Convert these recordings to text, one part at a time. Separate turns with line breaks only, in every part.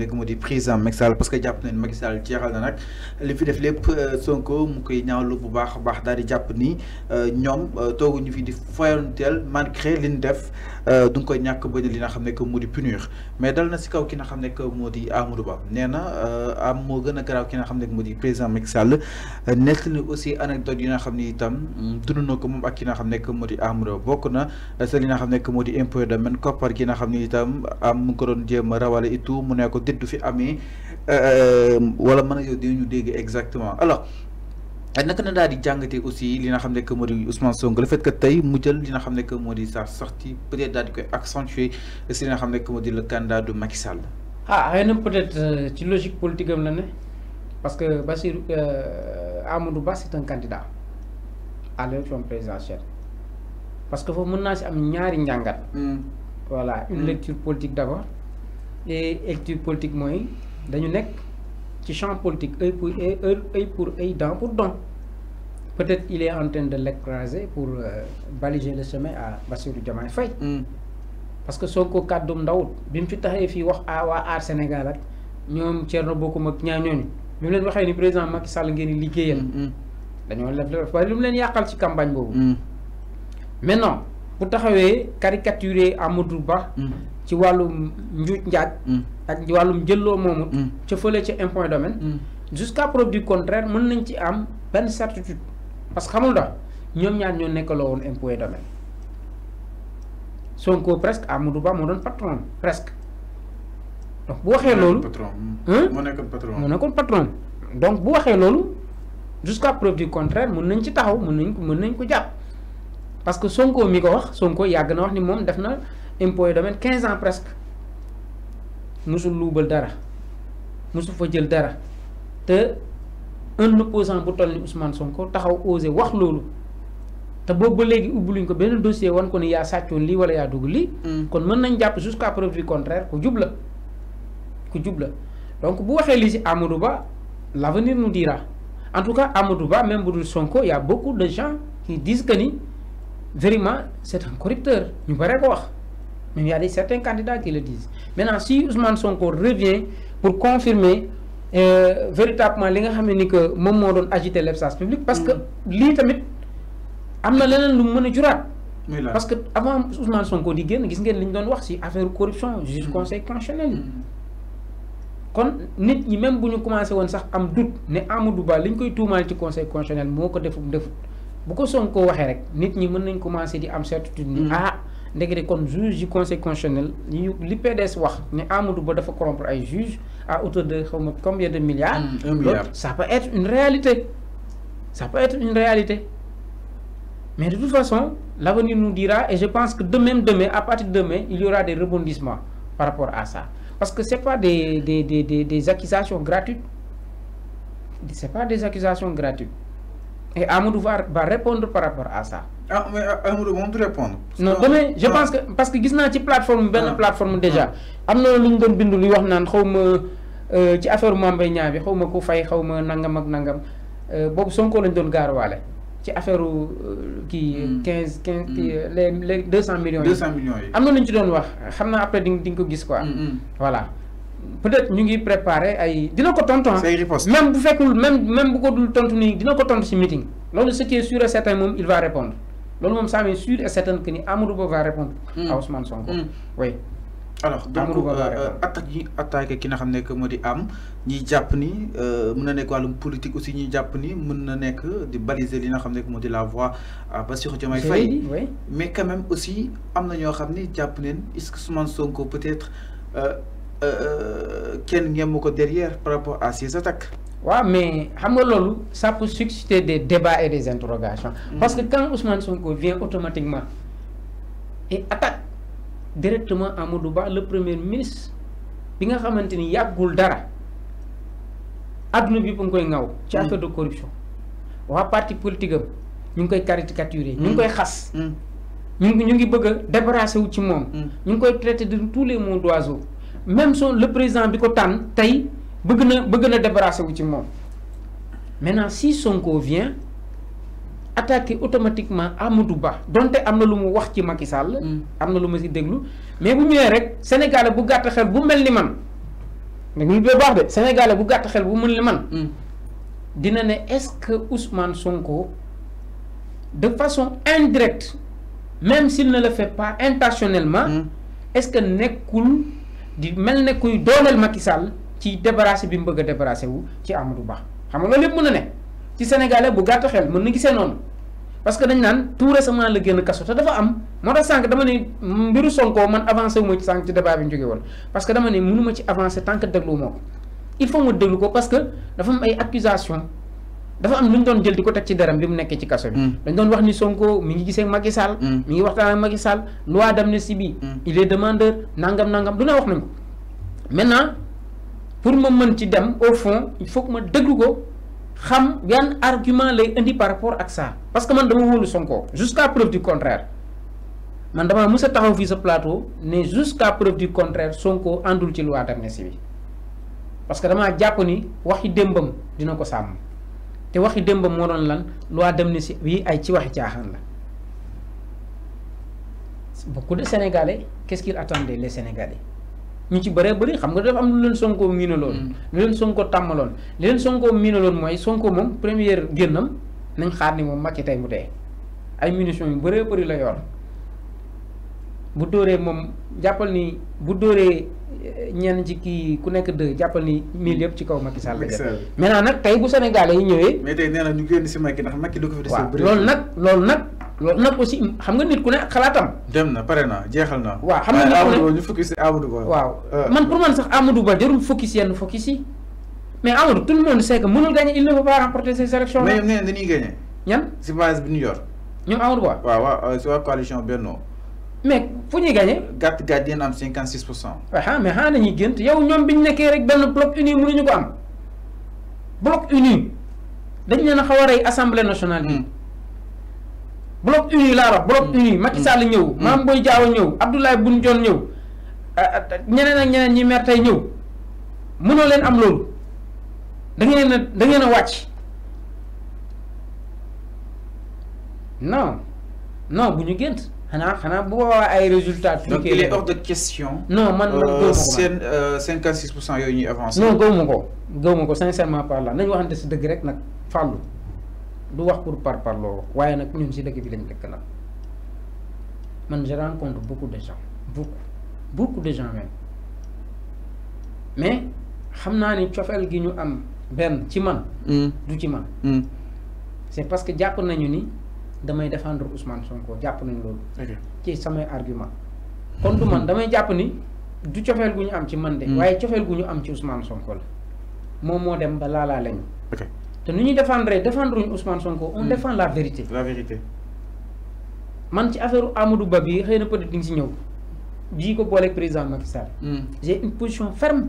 léegi mu di président Macky Sall parce que jàpp nañu Macky Sall na nag li fi def lépp euh, Sonko mu koy ñaawlu bu baax a baax daal di jàpp ni euh, ñoom euh, ñu fi di fayanteel malgré li ñu def du nga koy ñàkk bañ li nga xam ne que mu di punir mais dal na si kaw ki nga xam ne que moo di Amadou Ba nee na am moo gën a garaaw ki nga xam ne moo di président Macky Sall nekk na aussi anecdote yi nga xam ne itam mm, dund na ko moom ak ki nga xam ne que moo di Amadou Ba bokk na sa li nga xam ne que di impôt domaine de du fi amee euh, wala mën a yow dinañu dégg exactement alors naka na daal di jàngatee aussi li nga xam ne que moo di Ousmane Sonko le fait que tey mu jël li na xam ne que moo di sa sortie peut être daal di koy accentuer si li nga xam ne que moo di le candidat du Macky Sall.
ah xëy na peut être euh, ci logique politique la ne parce que Bassirou euh, Amadou Ba c'est un candidat à l'élection présidentielle parce que foofu mën naa si am ñaari njàngat. Hmm. voilà une hmm. lecture politique d'abord. et active politique mooy dañu nek ci champ politique œil pour pour œil pour peut-être il est en train de l'écraser pour euh, baliser le chemin à Bassirou Diomaye Faye hmm. parce que son fi wax Sénégal ak ak président Macky hmm, hmm. campagne maintenant caricaturer Amadou Ba ci walum njut njat mm. ak ci walum jëllo jëlloo ci feulé ci un point domaine mm. jusqu'à preuve du contraire mën nañ ci am ben certitude parce que xamul da ñom ñaar ñoo nekk lo won un point domaine Sonko presque Amadou Ba mo doon patron presque donc bu waxee loolu mo nekk patron mo nekkoon patron donc bu waxé lolu jusqu'à preuve du contraire mën nañ ci taxaw mën nañ ko mën nañ ko japp parce que Sonko mi ko wax Sonko yag na wax ni mom def na impôt et domaine quinze ans presque musul loubal dara musul fa jël dara te un opposant bu toll Ousmane Sonko taxaw osé wax lolu te bo bo légui ubbi luñ ko benn dossier wan ko ni ya sàccoon li wala yaa dugg lii. Hmm. kon meun nañ japp jusqu'à preuve du contraire ko double ko djubla donc bu waxé li ci Amadou l'avenir nous dira en tout cas Amadou Ba même bu dul Sonko y a beaucoup de gens qui disent que ni vraiment c'est un corrupteur ñu bari ko wax. Mais il y a des, certains candidats qui le disent. Maintenant, si Ousmane Sonko revient pour confirmer euh, véritablement li nga xam ni que agiter l' espace public. parce que mm. lii tamit am na leneen lu mu mën parce que avant Ousmane Sonko di génn gis ngeen li ñu doon wax ci affaire corruption juge mm. conseil constitutionnel. Mm. kon nit ñi même bu commencé woon sax am doute ne Amadou Ba li ñu koy mal ci conseil constitutionnel moo ko defut defut bu ko Sonko waxee rek nit ñi mën nañ commencé di am certitude ni ah léegi kon juge du conseil constitutionnel ni wax Amadou Ba à hauteur de combien de milliards. Mm, un milliard ça peut être une réalité ça peut être une réalité mais de toute façon l'avenir nous dira et je pense que demain demain à partir de demain il y aura des rebondissements par rapport à ça parce que c'est pas des des des des accusations gratuites c'est pas des accusations gratuites. Et Amadou va, va, répondre par rapport à ça.
Ah, mais ah, Amadou va répondre. Non, demain, je pense
que. Parce que je une plateforme, une ah. plateforme déjà. Il y a des gens qui nan, dit ci affaire Mambay Niang bi xawma ko fay xawma nangam ak nangam euh, boobu Sonko lañ doon gaaruwaale ci affaire qui 15 15 les 200 millions 200 millions yi am ci wax après di ko quoi. Hmm, hmm. voilà peut-être ñu ngi préparer ay dina ko tontu hein. même bu fekkul même même bu ko dul tontu nii dina ko tontu ci meeting loolu ce qui est sûr et certain moom il va répondre loolu moom ça m'est sûr et certain que ni Amadou va répondre hmm. à Ousmane Sonko hmm. oui alors donc euh, attaque yi attaqué ki n'a xam
ne que moo di am ñiy jàpp ni euh, mën na nekk wàllum politique aussi ñuy jàpp ni mën na nekk di baliser li nga xam ne la voix à Bassirou Diomaye Faye mais quand même aussi am na ñoo xam ne jàpp neen est-ce que Ousmane Sonko peut-être euh, qui
euh, est ko derrière par rapport à ces attaques. Oui, mais ça peut susciter des débats et des interrogations. Mm. parce que quand Ousmane Sonko vient automatiquement et attaque directement à Ba le premier ministre il y a un peu dara adduna bi ba koy de corruption parti politique am ñu caricaturé. koy caricaturer. ñu ngi koy mm. xas. Mm. ñu a débarrasser wu ci moom. ñu traiter de tous les mots d'oiseaux même son le président biko tan tay tey bëgg na bëgg na débarrasser wu ci mom maintenant si Sonko vient attaquer automatiquement Amadou Ba donté amna na lu mu wax ci Macky Sall. Mm. am lu ma si déglu mais bu ñëwé rek Sénégal bu gatt xel bu melni ni man déglu bu baax de Sénégal bu gatt xel bu melni man. Mm. dina né est-ce que Ousmane Sonko de façon indirecte même s'il ne le fait pas intentionnellement. Mm. est-ce que nekkul. di mel ne kuy dooleel Macky Sall ci débarrassé bi mu bëgg a wu ci Amadou baax xam nga loolu lépp mën na ne ci sénégalais bu gàtt xel mën na gisee noonu parce que dañ naan tout récemment la génn kaso te dafa am moo tax sànq dama ne mbiru Sonko man avancé wu ci sànq ci débat bi ñu jógee woon parce que dama ne mënu ma ci avancé tant que moo ko il faut ma déglu ko parce que dafa am ay accusation dafa am lu doon jël di tek ci daram bi mu nekkee ci kasso bi. Mm. dañ doon wax ni Sonko mi ngi gisee Macky Sall. Mm. mi ngi waxtaan ak Macky Sall loi d'amnistie bi. Mm. il est demandeur nangam nangam duna wax nañ ko. maintenant pour ma mën ci dem au fond il faut que ma déglu ko xam yan argument lay indi par rapport ak ça parce que man dama wolu Sonko jusqu'à preuve du contraire man dama musa taxaw fi ce plateau né jusqu'à preuve du contraire Sonko andul ci loi d'amnistie bi parce que dama jàpp ni waxi dembam dina ko sam te waxi démb moo doon lan loi si wii ay ci waxi caaxaan la ku de sénégalais qu'est-ce qu'ils attendaient les sénégalais ñu ci bëree bari xam nga dafa am lu leen Sonko miinaloon. Mm. lu leen Sonko tàmmaloon li leen Sonko miinaloon mooy Sonko moom première génnam nañ xaar ni moom Macky tey mu dee ay munitions yu bëree bari la yoon bu dóoree moom jàppal ni bu dóoree. ñen ci ki ku nekk deux japp ni mil yëpp ci kaw Macky Sall la jëm maintenant nag tey bu Sénégal yi ñëwé mais tay néna ñu gën ci Macky ndax Macky du ko fi des. waaw lool nak lool nak loolu nag aussi xam nga nit ku ne xalaatam. dem na
paré na jéxal na. waaw xam nga ñu ñu focus ci Amadou Ba. waaw euh.
man pour man sax Amadou Ba jarul focus yenn focus yi mais Amadou tout le monde sait que mënul gagner il ne peut pas remporter ces élections. mais né dañuy
gagner. ñan ci base bi ñu yor. ñu Amadou Ba. waaw waaw ci euh, wa coalition Benno mais
fu ñuy gagné. gàtt gardien am 56 pour cent. mais xanaa nañuy gént yow rek uni mënuñu ko am bloc uni dañ leen a xaw assemblée nationale hmm. bloc uni laa wax bloc hmm. uni. Macky Sall hmm. ñëw. Mame Boye Diao ñëw Abdoulaye Boun Dionne ñëw ñeneen ak ñeneen ñi mer leen am da ngeen non non donc il est hors
de question. non man man 56 euh, euh, avancé. non
je ne sincèrement parlant sais pas. si sais rek si Je pour parler, je ne pas si je rencontre beaucoup de gens beaucoup beaucoup de gens même mais je ni c'est parce que nous nañu damay défendre Ousmane Sonko jàpp nañ loolu. ci sama argument kon du man hmm. damay japp ni du tiofel guñu am ci man de. Hmm. waaye cofeel gu am ci Ousmane Sonko la moom dem ba laalaa lañu. te nu défendre défendre Ousmane Sonko on hmm. défend la vérité. la vérité. man ci affaire Amadou babi xeyna peut-être di ci ñew ñëw. ko bolé président Macky Sall. j'ai une position ferme.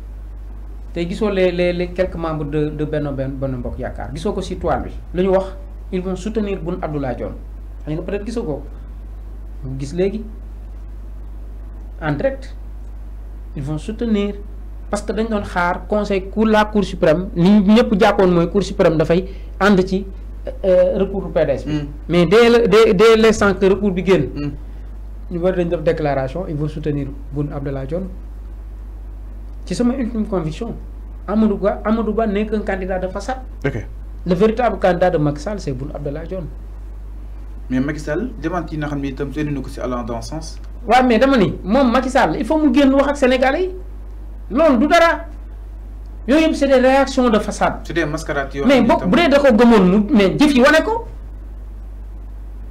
tay gisoo les les les quelques membres de de Benno ben Benno mbok yakar gisoo ko si toile bi lu wax ils vont soutenir bun Abdallah Dionne xëy nga peut-être gisoo ko gis legui en direct ils vont soutenir parce que dañ don xaar conseil cour la cour suprême ni ñepp jappone moy cour suprême da fay and ci euh, euh, recours du PDS mm. mais dès le dès dès l'instant que recours bi génn mm. ñu war dañ def déclaration ils vont soutenir bun Abdallah Dionne C'est ma ultime conviction Amadou Ba n'est qu'un candidat de façade.
le
véritable candidat de Macky Sall c'est Boun Abdallah John. mais Macky Sall démenti
n'a nga xam ne itam seen na ko si dans dans sens.
Oui, mais dama ni moom Macky Sall il faut que génn wax ak sénégalais Non, loolu ça dara c'est des réactions de façade. c'est des mascarades mais bu dee da ko gëmoon mu mais jëf yi wane ko.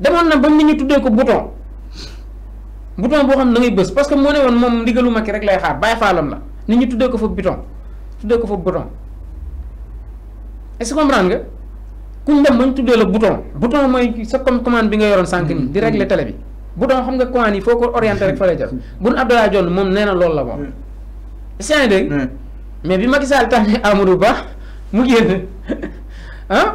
demoon na ba nit ñi tuddee ko bouton bouton boo xam ne da ngay bës parce que moo ne woon moom ndigalu Macky rek lay xaar bàyyi faalam la nit ñi tuddee ko fa bouton tuddee ko fa bouton est-ce que nga kuñ dem ba ñu tuddee la bouton bouton mooy sa comme commande bi nga yoroon sànq nii di régler télé bi bouton xam nga commande yi foo ko orienté rek fa lay jël bun Abdoulaye Dione moom nee na loolu la moom sien dégg mais bi Macky Sall tànnee bu baax mu génn ah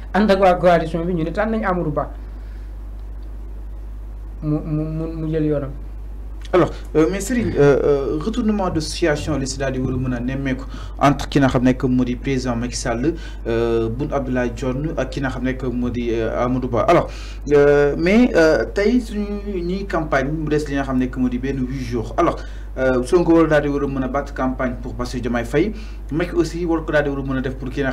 ànd wa waa coalition bi ñu ne tan nañ Amadou Ba mu mu mu jël yoonam.
alors euh, mais Serigne euh, euh, retournement de situation li si daal di war a mën a entre ki na xam ne moo président Macky Sall euh, Boun Abdoulaye Dionne ak ki na xam ne moo di Amadou Ba alors euh, mais tey suñu ñi campagne mu des li nga xam ne moo di benn jours alors Sonko war daal di war a mën a campagne pour passer Diomaye Faye Macky aussi war ko daal di mëna def pour ki na